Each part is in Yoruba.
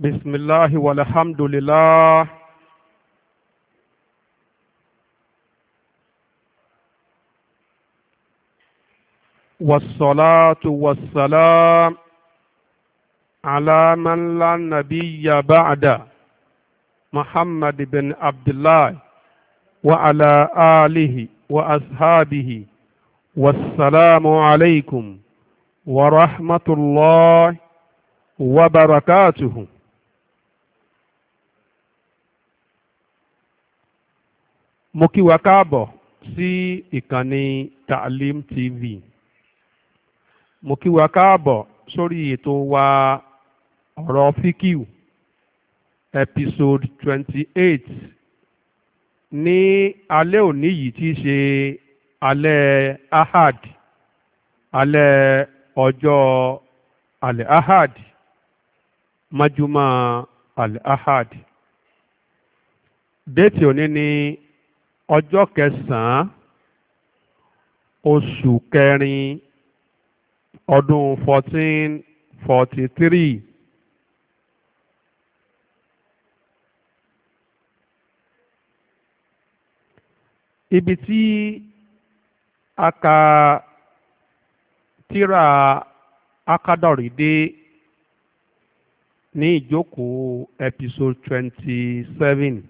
بسم الله والحمد لله والصلاة والسلام على من لا نبي بعد محمد بن عبد الله وعلى آله وأصحابه والسلام عليكم ورحمة الله وبركاته mo kí wa káàbọ̀ sí ìkànnì Taalim TV mo kí wa káàbọ̀ sórí ètò wa ọ̀rọ̀ fíkìú episode twenty eight ní alẹ́ òní yìí tí í ṣe alẹ́ ahad alẹ́ ọjọ́ alẹ́ ahad májúmọ́ alẹ́ ahad déètì òní ní ọjọ́ kẹsàn-án oṣù kẹrin ọdún fourteen forty three. ibi tí a ka tíra akadọ̀rí dé ní ìjókòó episode 27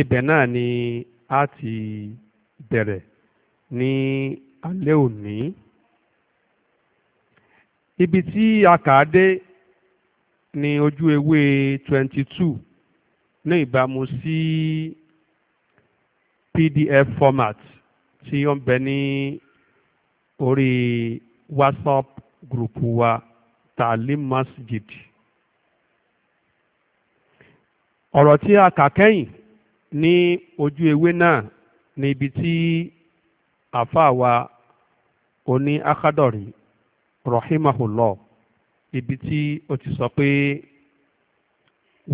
ibẹ̀ náà ni a ti bẹ̀rẹ̀ ní alẹ́ òní ibi tí a kà á dé ní ojú ewé twenty two ní ìbámu sí pdf format tí ó ń bẹ ní orí whatsapp group wa talim masjid ọ̀rọ̀ tí a kà kẹ́yìn ní ojú ewé náà ní ibi tí àáfàá wa oní akádọ̀rí rahimahullah ibi tí ó ti sọ pé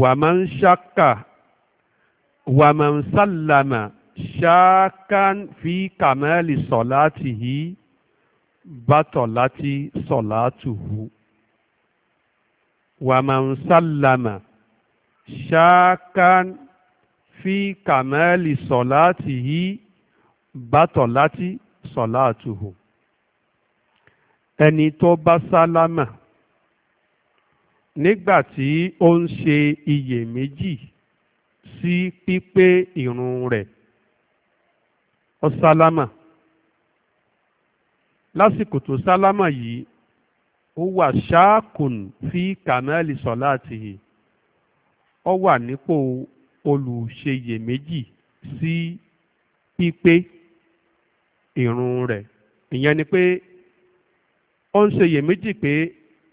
wàmán ṣáka wàmán sálàmà ṣákan fi kàmẹ́lì sọ̀láàtì yìí bàtọ̀ láti sọ̀láàtù hù wàmán sálàmà ṣákan fi kàmẹ́ẹ̀lì sọ̀láàtì yìí bàtọ̀ láti sọ̀láàtùhù ẹni tó bá sálámà nígbà tí ó ń ṣe iyèméjì sí pípé ìrun rẹ̀ ó sálámà lásìkò tó sálámà yìí ó wà ṣáàkùn fi kàmẹ́ẹ̀lì sọ̀láàtì yìí ó wà nípò olùṣeyèméjì sí pípé ìrun rẹ̀ ìyẹn ni pé ó ń ṣeyèméjì pé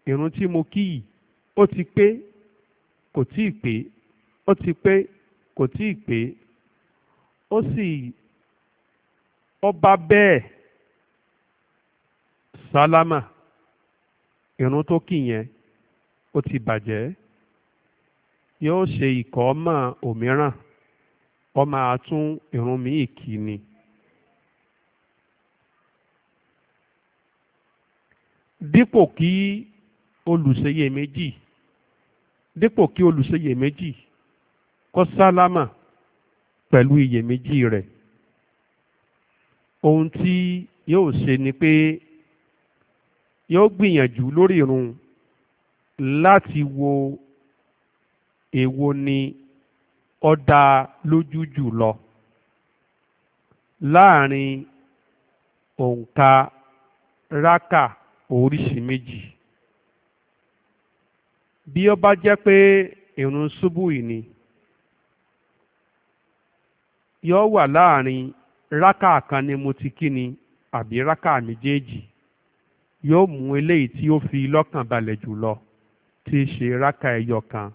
ìrun tí mo kí yìí ó ti pé kò tíì pé ó ti pé kò tíì pé ó sì ó bá bẹ́ẹ̀ sálámà ìrun tó kí yẹn ó ti bàjẹ́ yóò ṣe ìkọ́mọ̀ òmíràn ó máa tún irun míì kì ni. dípò kí olùṣeyèméjì dípò kí olùṣeyèméjì kó sálámà pẹ̀lú iyèméjì rẹ̀ ohun tí yóò ṣe ni pé yóò gbìyànjú lórí irun láti wo èwo ni ó dá lójú jù lọ láàrin òǹkà rákà oríṣi méjì bí ó bá jẹ́ pé ìrun ṣubú ìní yóò wà láàrin rákà kan ni mo ti kí ni àbí rákà méjèèjì yóò mú eléyìí tí ó fi lọ́kàn balẹ̀ jùlọ tí í ṣe rákà ẹyọ kan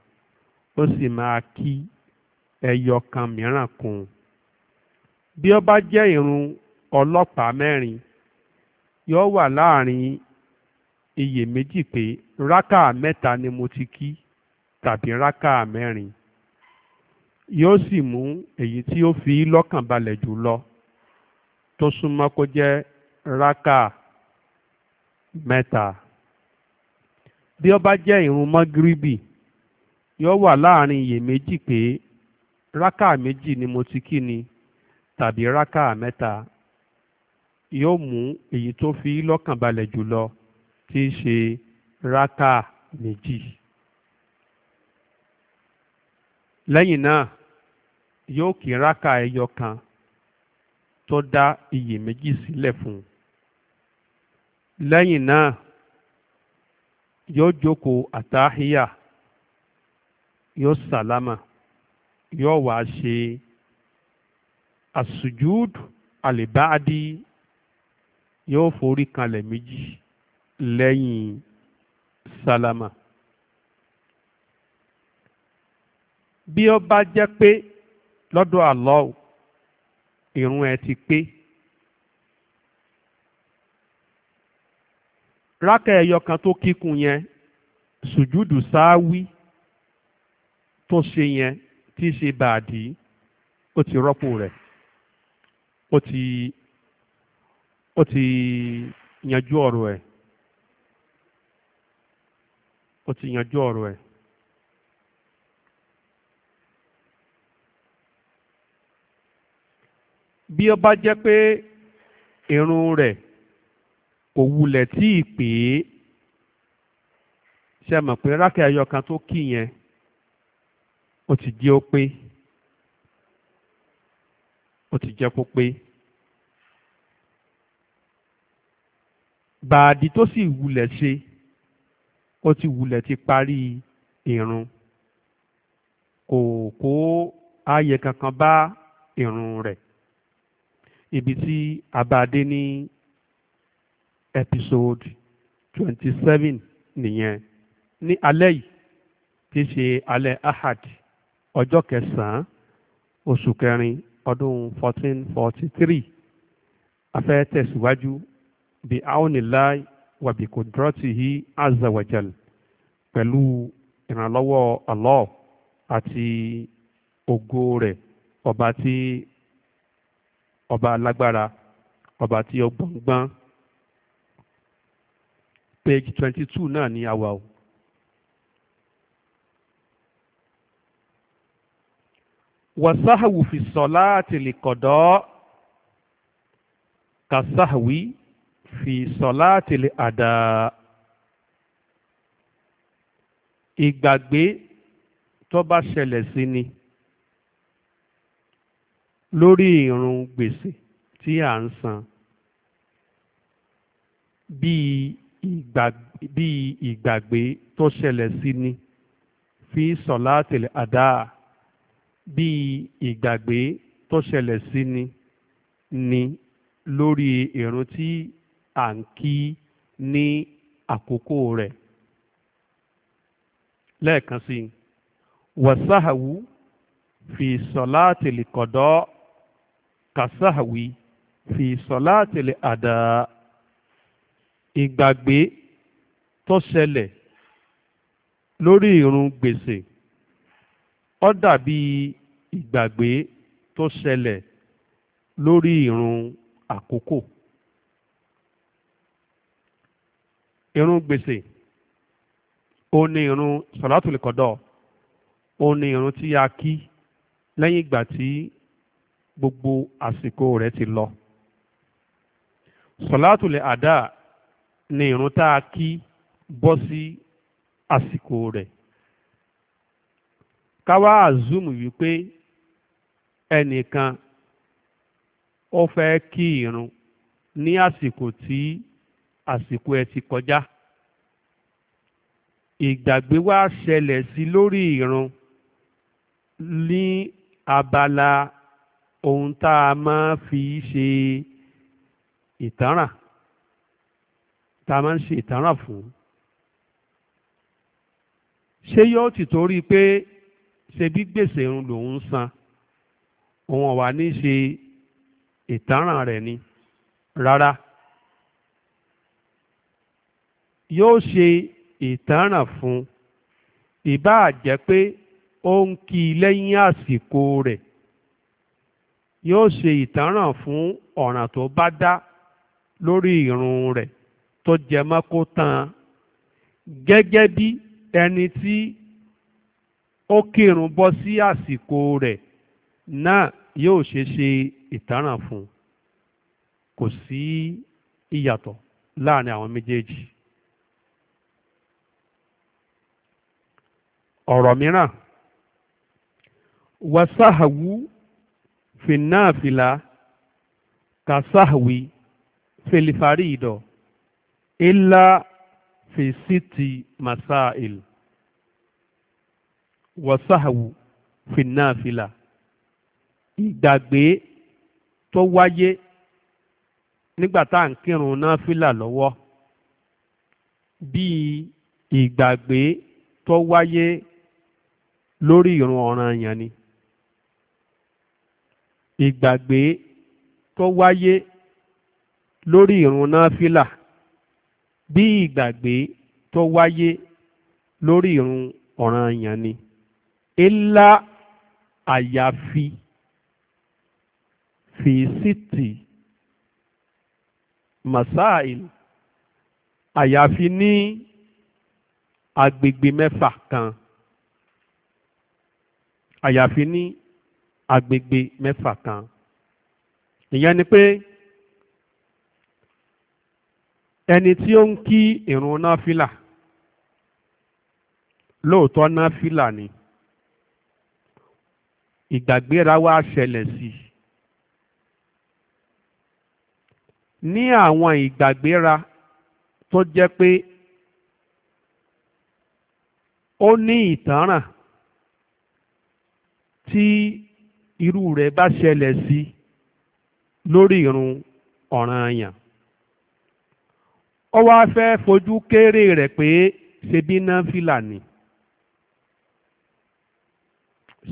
ó sì máa kí ẹyọ kan mìíràn kún un bí ó bá jẹ́ ìrun ọlọ́pàá mẹ́rin yóò wà láàrin iyèméjì pé rákà mẹ́ta ni mo ti kí tàbí rákà mẹ́rin yóò sì mú èyí tí ó fi lọ́kàn balẹ̀ jù tó súnmọ́ kó jẹ́ rákà mẹ́ta bí ó bá jẹ́ ìrun mọ́gíríbì yóò wà láàrin iyèméjì pé rákà méjì ni mo ti kí ni tàbí rákà mẹ́ta yóò mú èyí tó fi lọ́kàn balẹ̀ jùlọ tí í ṣe rákà méjì. lẹ́yìn náà yóò kí rákà ẹyọ kan tó dá iyèméjì sílẹ̀ fún un. lẹ́yìn náà yóò jókòó àtàhíyà yóò sàlámà yóò wá ṣe àsùjúd àlèbáàdì yóò forí kanlẹ̀ méjì lẹ́yìn sálámà. bí ó bá jẹ́ pé lọ́dọ̀ Allah ìrun ẹ ti pé rákà ẹyọ kan tó kíkun yẹn sùjúdù sááwí tó ṣe yẹn tí í ṣe bàdí ó ti rọ́pò rẹ̀ ó ti ó ti yanjú ọ̀rọ̀ ẹ̀ ó ti yanjú ọ̀rọ̀ ẹ̀. bí ó jẹ́ pé irun rẹ̀ kò wulẹ̀ tí ì pè é ṣe mọ̀ pé rákẹ́ ẹyọ kan tó kí yẹn ó ti jẹ́ ó pé ó ti jẹ́ kó pé bàdí tó sì wulẹ̀ ṣe ó ti wulẹ̀ ti parí ìrun kò kó ààyè kankan bá ìrun rẹ̀ ibi tí abadé ní episode twenty seven nìyẹn ní alẹ́ yìí tí í ṣe alẹ́ ahad ọjọ́ kẹsàn-án oṣù kẹrin ọdún fourteen forty three afẹ́ tẹ̀síwájú bí aonilai wàbíkùdrọ́tìhí azawajal pẹ̀lú ìrànlọ́wọ́ Allah àti ògo rẹ̀ ọba tí ọba alágbára ọba tí ó gbọ̀ngbọ́n page twenty two náà ni a wà o. wàsáhàwù fi sọ̀lá àtìlì kọ̀dọ́ kàsáhàwì fi sọ̀lá àtìlì àdá ìgbàgbé tó bá ṣẹlẹ̀ sí ni lórí ìrun gbèsè tí à ń san bíi ìgbàgbé tó ṣẹlẹ̀ sí ni fi sọ̀lá àtìlì àdá bíi ìgbàgbé tó ṣẹlẹ̀ sí ni ni lórí ìrun tí à ń kí ní àkókò rẹ̀ lẹ́ẹ̀kan sí i wàsáhàwù fi sọ̀láàtìlì kọ̀dọ́ kàsáhàwì fi sọ̀láàtìlì àdá ìgbàgbé tó ṣẹlẹ̀ lórí ìrun gbèsè ó dàbí ìgbàgbé tó ṣẹlẹ̀ lórí ìrun àkókò ìrun gbèsè ó ní ìrun sọ̀látùlì kọ̀dọ̀ ó ní ìrun tí a kí lẹ́yìn ìgbà tí gbogbo àsìkò rẹ̀ ti lọ sọ̀látùlì àdá ní ìrun tá a kí bọ́ sí àsìkò rẹ̀ káwá àzúmù wípé ẹnìkan ó fẹ́ kí irun ní àsìkò tí àsìkò ẹ ti kọjá ìgbàgbé wá ṣẹlẹ̀ sí lórí irun ní abala ohun tá a máa fi ṣe ìtanràn tá a máa ń ṣe ìtanràn fún ṣé yóò ti torí pé ṣe bí gbèsè ń lòun san òun ọ̀wà ní ṣe ìtanràn rẹ̀ ni rárá yóò ṣe ìtanràn fún ìbáà jẹ́ pé ó ń kí i lẹ́yìn àsìkò rẹ̀ yóò ṣe ìtanràn fún ọ̀ràn tó bá dá lórí ìrun rẹ̀ tó jẹ mọ́ kó tán gẹ́gẹ́ bí ẹni tí ó kírun bọ́ sí àsìkò rẹ̀ náà yóò ṣe ṣe ìtaràn fún kò sí ìyàtọ̀ láàrin àwọn méjèèjì. ọ̀rọ̀ mìíràn wasahawu finnaafila kasahwi filifarido illa fi siti masail wọ́sáhàwù fìnnáàfìlà ìgbàgbé tó wáyé nígbà tá à ń kírun náàfìlà lọ́wọ́ bíi ìgbàgbé tó wáyé lórí ìrun ọ̀ranyàn ni ìgbàgbé tó wáyé lórí ìrun náàfìlà bí ìgbàgbé tó wáyé lórí ìrun ọ̀ranyàn ni ilá àyàfi fèsìtì masáìl àyàfi ní agbègbè mẹ́fà kan àyàfi ní agbègbè mẹ́fà kan ìyẹn ni pé ẹni tí ó ń kí ìrun náfìlà lóòótọ́ náfìlà ni. Lo, ìgbàgbéra wá ṣẹlẹ̀ sí i ní àwọn ìgbàgbéra tó jẹ́ pé ó ní ìtanràn tí irú rẹ̀ bá ṣẹlẹ̀ sí lórí irun ọ̀ranyàn ó wá fẹ́ fojú kéré rẹ̀ pé ṣebí náà fìlà ni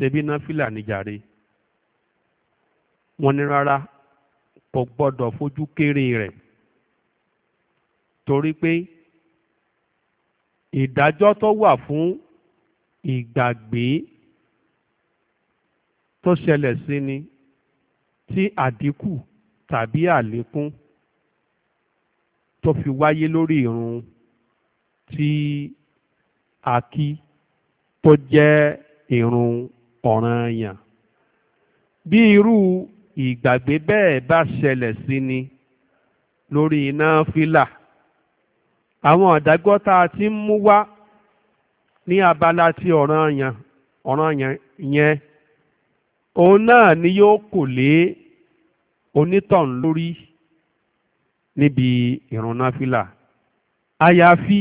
ṣebí náfìlà ní jàre wọ́n ní rárá kò gbọ́dọ̀ fojú kéré rẹ̀ torí pé ìdájọ́ tó wà fún ìgbàgbé tó ṣẹlẹ̀ sí ni tí àdínkù tàbí àlékún tó fi wáyé lórí ìrun tí a kí tó jẹ́ ìrun ọ̀ranyàn bí irú ìgbàgbé bẹ́ẹ̀ bá ṣẹlẹ̀ sí ni lórí náfìlà àwọn àdágọ́ tá a ti ń mú wá ní abala ti ọ̀ranyàn ọ̀ranyàn yẹn òun náà ni yóò kò lé onítọ̀n lórí níbi ìrun náfìlà àyàfi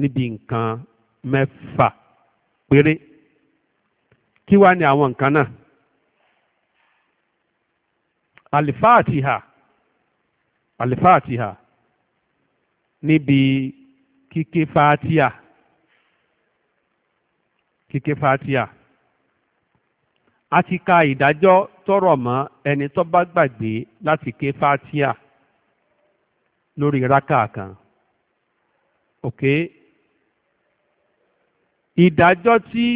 níbi nǹkan mẹ́fà péré kí wá ní àwọn nǹkan náà alifatiha alifatiha níbi kíké fatia kíké fatia a ti ka ìdájọ́ tọrọ mọ́ ẹni tó bá gbàgbé láti ké fatia lórí rákà kan ok ìdájọ́ tí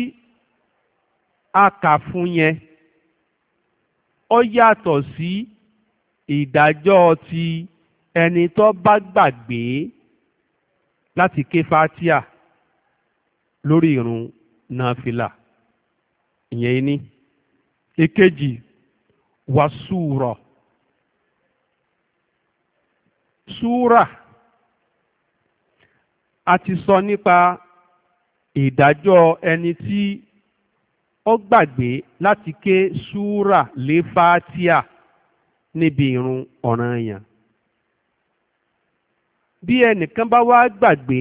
a kà fún yẹn ó yàtọ̀ sí ìdájọ́ ti ẹni tó bá gbàgbé láti ké fatia lórí ìrun nàfìlà ìyẹn ní èkejì wàsúùrà súùrà a ti sọ nípa ìdájọ́ ẹni tí ó gbàgbé láti ké súrà lé fátíà níbi irun ọ̀ranyàn. bí ẹnìkan bá wá gbàgbé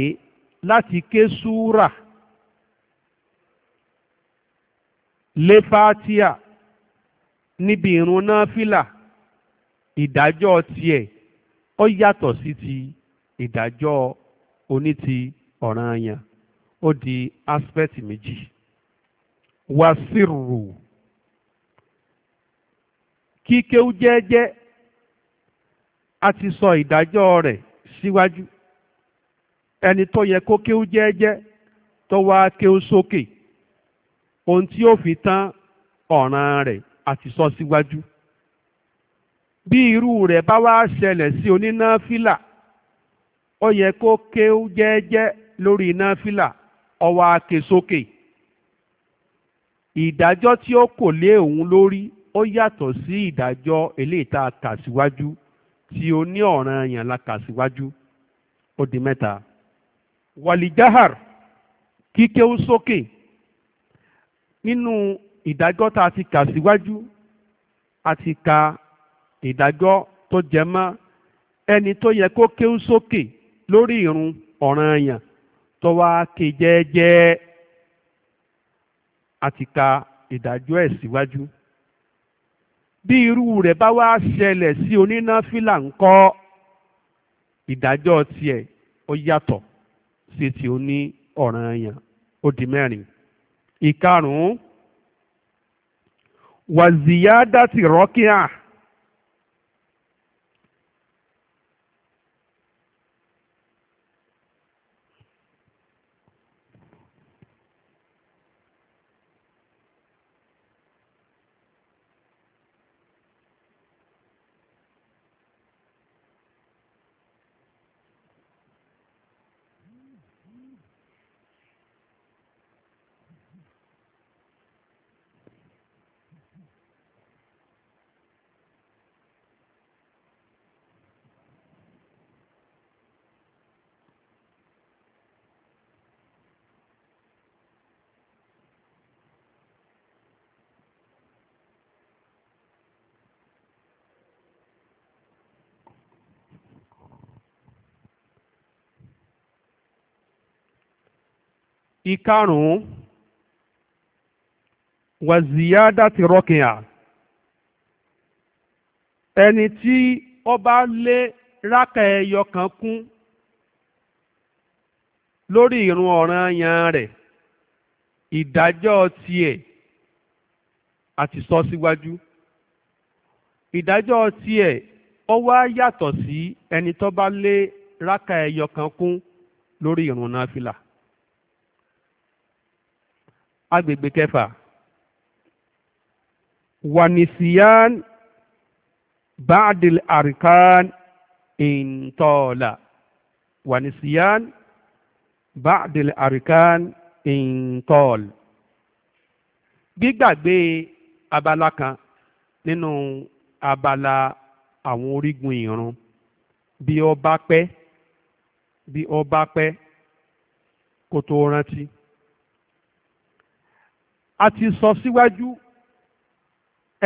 láti ké súrà lé fátíà níbi irun náfìlà ìdájọ́ tiẹ̀ ó yàtọ̀ sí ti ìdájọ́ oní ti ọ̀ranyàn ó di aspect méjì. wàsírù kíkéwú jẹ́ẹ́jẹ́ a ti sọ ìdájọ́ rẹ̀ síwájú ẹni tó yẹ kó kéwú jẹ́ẹ́jẹ́ tó wá kéwú sókè ohun tí ó fi tán ọ̀ràn rẹ̀ a ti sọ síwájú bí irú rẹ̀ bá wá ṣẹlẹ̀ sí onínáfílà ó yẹ kó kéwú jẹ́ẹ́jẹ́ lórí náfílà ó wá ké sókè. So ìdájọ́ tí ó kò lé òun lórí ó yàtọ̀ sí ìdájọ́ eléyìí tá tí ó ní ọ̀ràn yẹn la kà síwájú ó di mẹ́ta. wàlìjáhàr kíkéwú sókè nínú ìdájọ́ tá a ti kà síwájú a ti ka ìdájọ́ tó jẹ mọ́ ẹni tó yẹ kó kéwú sókè lórí ìrun ọ̀ràn yẹn tó wá ké jẹ́ẹ́jẹ́ẹ́ àti ka ìdájọ́ ẹ̀ síwájú. bí irú rẹ̀ bá wá ṣẹlẹ̀ sí onínáfílà ńkọ́ ìdájọ́ tiẹ̀ ó yàtọ̀ sí ti oní ọ̀ranyàn ó di mẹ́rin. ìkarùn-ún wàzíyá dátì rọ́kíà. ìkarùn-ún wàzíyádá ti rọ́kìá ẹni tí ó bá lé rákà ẹyọ kan kún lórí ìrun ọ̀ranyàn rẹ̀ ìdájọ́ tiẹ̀ àti sọ síwájú ìdájọ́ tiẹ̀ ó wá yàtọ̀ sí ẹni tó bá lé rákà ẹyọ kan kún lórí ìrun náfìlà agbègbè kẹfà wanisiyan baadil arkan intola wanisiyan baadil arkan intol gbígbàgbé abala kan nínú abala àwọn orígun ìrun bí ó bá bí ó bá kó tó rántí. a ti sọ síwájú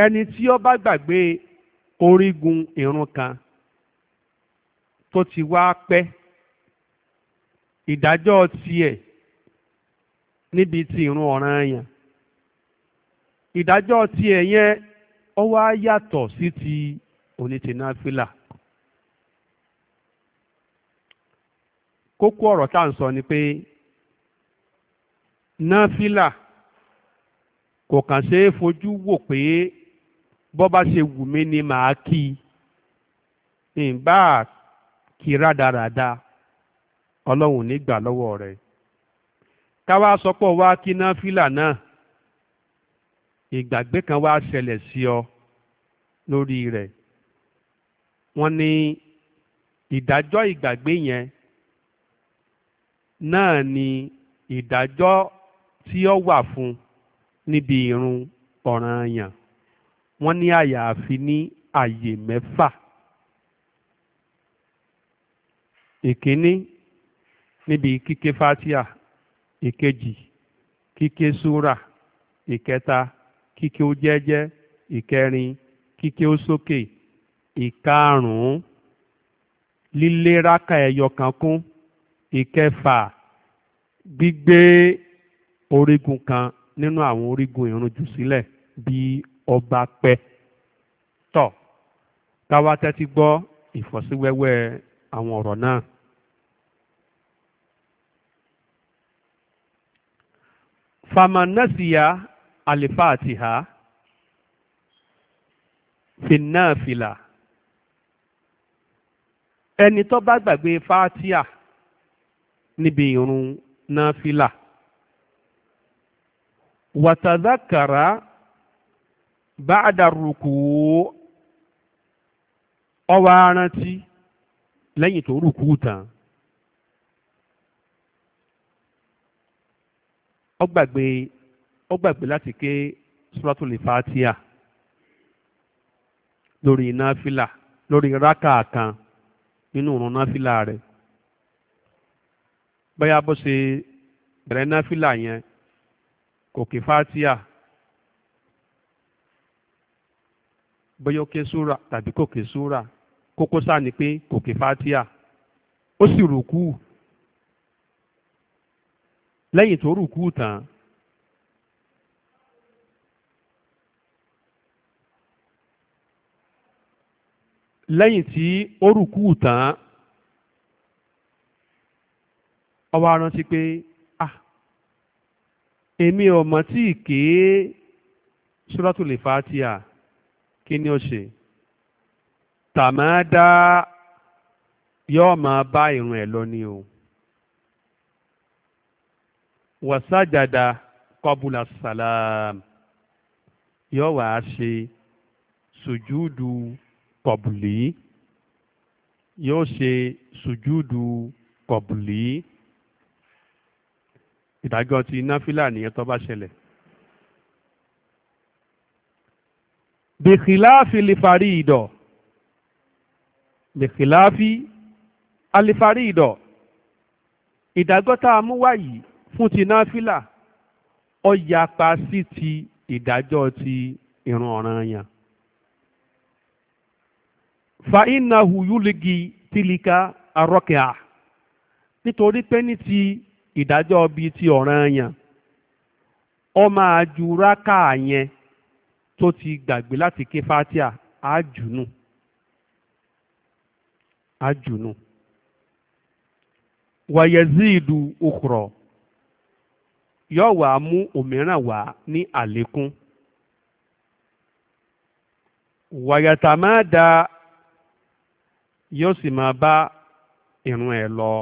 ẹni tí ó bá gbàgbé orígun irun kan tó ti wá pẹ́ ìdájọ́ tiẹ̀ níbi irun ìrun ọ̀ranyàn ìdájọ́ tiẹ̀ yẹn ó wá yàtọ̀ sí ti onítìnáfílà kókó ọ̀rọ̀ tá à ń sọ ni pé náfílà. kò kàn ṣe é fojú wò pé bọ́ bá ṣe wù mí ni màá kí i ìgbà kí rádaràda ọlọ́run nígbà lọ́wọ́ rẹ̀ káwá sọpọ̀ wá kí náà ìgbàgbé kan wá ṣẹlẹ̀ sí ọ lórí rẹ̀ wọ́n ní ìdájọ́ ìgbàgbé yẹn náà ni ìdájọ́ tí ọ wà fún un níbi irun ọ̀ranyàn wọ́n ní àyàfi ní àyè mẹ́fà ìkíní níbi kíké fatia ìkejì kíké súrà ìkẹta kíké ó jẹ́jẹ́ ìkẹrin kíké ó sókè ìkarùn-ún lílé rákà ẹyọ kan kún ìkẹfà gbígbé orígun kan nínú àwọn orígun ìrun jù sílẹ̀ bí ọba pẹ́ tọ̀ káwá tẹ́tí gbọ́ ìfọ́síwẹ́wẹ́ àwọn ọ̀rọ̀ náà. famanasiya alifatiha finnafila ẹni tó bá gbàgbé fatia níbi ìrun fila. وتذكر بعد الركوع ọwọ́ arántí lẹ́yìn tó rùkú tán ó gbàgbé Ọ gbagbe láti ké suratul Fatiha lórí náfìlà lórí rákà kan kò ké fatia bóyá ó ké súra tàbí kòkè ké súra kókó sáà ni pé kò ké fatia ó sì rùkú lẹ́yìn tó rùkú tán lẹ́yìn tí ó rùkú tán ó wá rántí pé èmi ọ̀mọ̀ tí ìké Suratul Fatiha kí ni ó ṣe tàmádá yóò máa bá ìrun ẹ̀ lọ ni o wàsájàdá kọbùlà sàlám yóò wá ṣe sùjúdù kọbùlì yóò ṣe sùjúdù kọbùlì ìdájọ́ ti náfìlà nìyẹn tó bá ṣẹlẹ̀. bìkìláàfi lìfàrí ìdọ̀ bìkìláàfi alìfàrí ìdọ̀ ìdájọ́ tá a mú wá yìí fún ti náfìlà ó yapa sí ti ìdájọ́ ti ìrun ọ̀ranyàn. fa iná huyúligi tìlíkà arọ́kẹ́à nítorí pé ní ti ìdájọ́ bíi ti ọ̀ranyàn ó máa ju rákà yẹn tó ti gbàgbé láti ké fatia àjùnù àjùnù wàyẹ̀zíìdù okùrọ̀ yóò wá mú òmíràn wá ní àlékún wàyàtàmáda yóò sì máa bá ìrun ẹ̀ lọ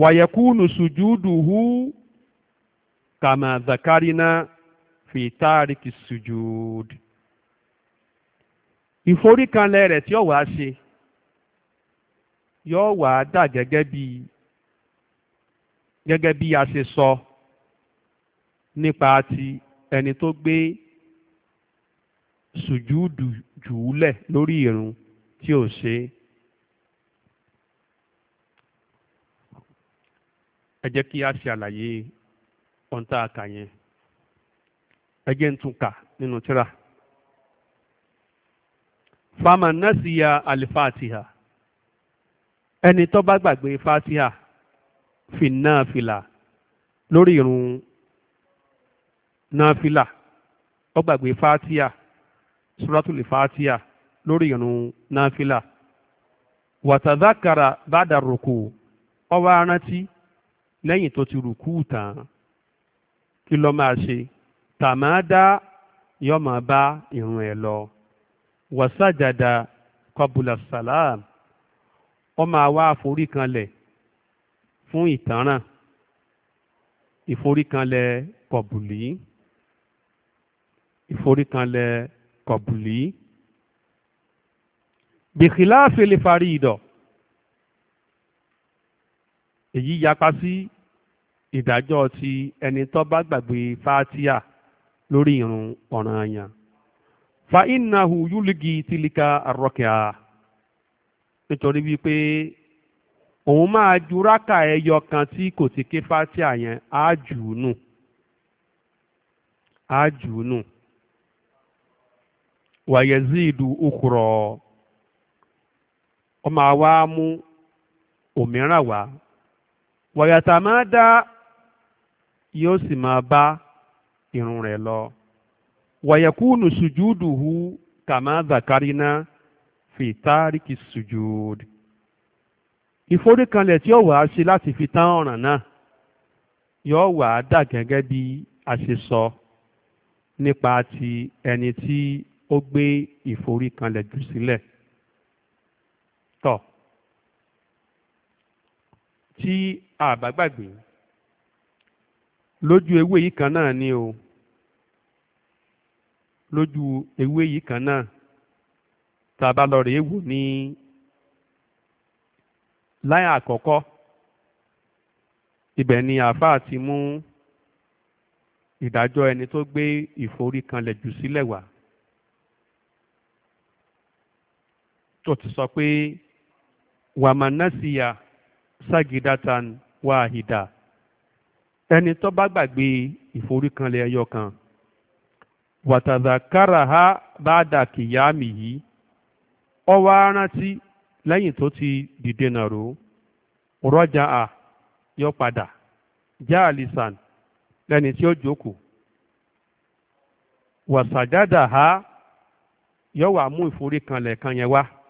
wàyẹ̀kúnù sùjúdùhù kàmà zakarina fi tárìkì sùjúd. ìforíkanlẹ̀ rẹ̀ tí ó wàá ṣe yóò wàá dà gẹ́gẹ́ bí gẹ́gẹ́ bí a ṣe sọ nípa ti ẹni tó gbé sùjúdù jùúlẹ̀ lórí ìrun tí ò ṣe é. ẹ jẹ́ kí a ṣe àlàyé ohun tá a kà yẹn ẹ jẹ́ ń tún kà nínú tírà fama nasiya alifatiha ẹni tó bá gbàgbé fatiha fi náà fìlà lórí irun náà fìlà ó gbàgbé fatiha suratul fatiha lórí irun náà fìlà wàtàdákàrà bá dàrúkù ó wá rántí lẹ́yìn tó ti rùkú tán kí ló máa ṣe tàmádá yóò máa bá ìrun ẹ̀ lọ wàsájàdà kọbùlà sàlám ó máa wá àforíkanlẹ̀ fún ìtanràn ìforíkanlẹ̀ kọbùlì ìforíkanlẹ̀ kọbùlì bìkìláàfin lè farí ìdọ̀ èyí yapa sí ìdájọ́ ti ẹni tó bá gbàgbé fatia lórí irun ọ̀ranyàn fa innahu yúlùgì tìlíkà àrọ́kìá nítorí wípé òun máa ju rákà ẹyọ kan tí kò ti ké fatia yẹn á jù ú nù á jù ú nù wàyẹ̀zíìdù okùrọ̀ ọmọ àwa mú òmíràn wá wàyàtà máa dá yóò sì máa bá irun rẹ̀ lọ. wàyẹ̀kúnù sùjúdùhù kàmá zakarina fi tárìkì sùjúd. ìforíkanlẹ̀ tí ó wàá ṣe láti fi tán ọ̀ràn náà yóò wàá dà gẹ́gẹ́ bí a ṣe sọ nípa ti ẹni tí ó gbé ìforíkanlẹ̀ jù sílẹ̀. tọ́ tí a bá gbàgbé lójú ewé yìí kan náà ni o lójú ewé yìí kan náà tá a bá lọ rèé wò ní láyà àkọ́kọ́ ibẹ̀ ni àáfàá ti mú ìdájọ́ ẹni tó gbé ìforíkanlẹ̀ jù sílẹ̀ wá tó ti sọ pé wàmánásíyà ságídátàn wàhídà. Wa ẹni tó bá gbàgbé ìforíkanlẹ̀ ẹyọ kan ha bá dà kìyàmì yìí ọwa wá rántí lẹ́yìn tó ti dìde nàró rọ́jà à yọ padà já àlìsàn lẹ́ni tí ó jókòó wàsàjádà ha yọ wà mú ìforíkanlẹ̀ kan yẹn wá.